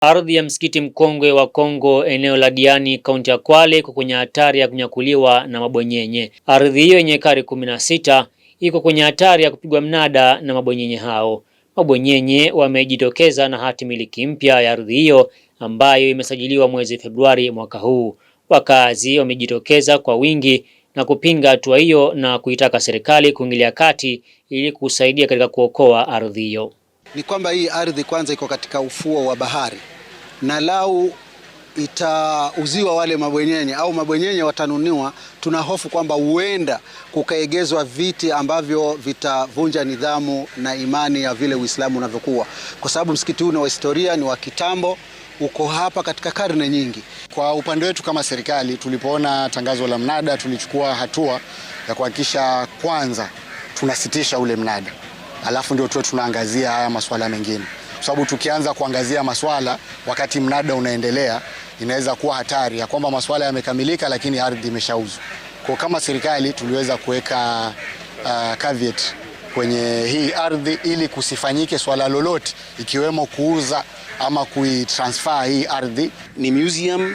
Ardhi ya msikiti mkongwe wa Kongo eneo la Diani kaunti ya Kwale iko kwenye hatari ya kunyakuliwa na mabwenyenye. Ardhi hiyo yenye ekari kumi na sita iko kwenye hatari ya kupigwa mnada na mabwenyenye hao. Mabwenyenye wamejitokeza na hati miliki mpya ya ardhi hiyo ambayo imesajiliwa mwezi Februari mwaka huu. Wakazi wamejitokeza kwa wingi na kupinga hatua hiyo na kuitaka serikali kuingilia kati ili kusaidia katika kuokoa ardhi hiyo. Ni kwamba hii ardhi kwanza iko katika ufuo wa bahari, na lau itauziwa wale mabwenyenye au mabwenyenye watanuniwa, tuna hofu kwamba huenda kukaegezwa viti ambavyo vitavunja nidhamu na imani ya vile Uislamu unavyokuwa, kwa sababu msikiti huu ni wa historia, ni wa kitambo, uko hapa katika karne nyingi. Kwa upande wetu kama serikali, tulipoona tangazo la mnada, tulichukua hatua ya kuhakikisha kwanza tunasitisha ule mnada alafu ndio tuwe tunaangazia haya masuala mengine, kwa sababu tukianza kuangazia masuala wakati mnada unaendelea inaweza kuwa hatari ya kwamba masuala yamekamilika, lakini ardhi imeshauzwa. Kwa kama serikali tuliweza kuweka uh, caveat kwenye hii ardhi ili kusifanyike swala lolote ikiwemo kuuza ama kuitransfer hii ardhi. Ni museum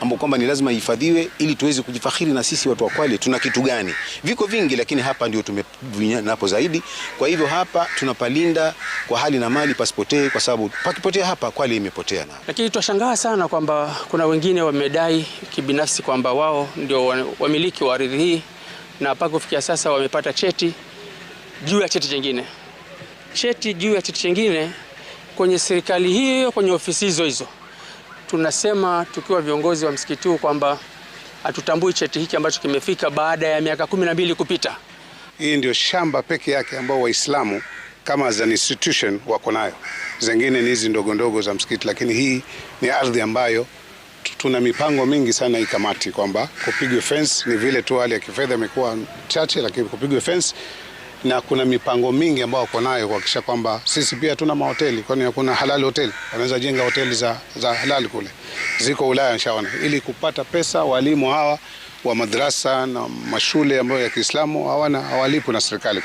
ambao kwamba ni lazima ihifadhiwe ili tuweze kujifakhiri na sisi watu wa Kwale tuna kitu gani. Viko vingi, lakini hapa ndio tumevinyana napo zaidi. Kwa hivyo hapa tunapalinda kwa hali na mali pasipotee, kwa sababu pakipotea hapa Kwale imepotea. Na lakini twashangaa sana kwamba kuna wengine wamedai kibinafsi kwamba wao ndio wamiliki wa ardhi hii na mpaka kufikia sasa wamepata cheti juu ya cheti chingine cheti juu ya cheti chingine kwenye serikali hiyo, kwenye ofisi hizo hizo tunasema tukiwa viongozi wa msikiti huu kwamba hatutambui cheti hiki ambacho kimefika baada ya miaka kumi na mbili kupita. Hii ndio shamba peke yake ambao Waislamu kama as an institution wako nayo, zingine ni hizi ndogo ndogo za msikiti, lakini hii ni ardhi ambayo tuna mipango mingi sana hii kamati kwamba kupigwe fence. Ni vile tu hali ya kifedha imekuwa chache, lakini kupigwe fence na kuna mipango mingi ambayo wako nayo kuhakikisha kwamba sisi pia tuna mahoteli, kwani hakuna halali hoteli. Wanaweza jenga hoteli za, za halali kule ziko Ulaya nishaona, ili kupata pesa. Walimu hawa wa madrasa na mashule ambayo ya Kiislamu hawana hawalipwi na serikali.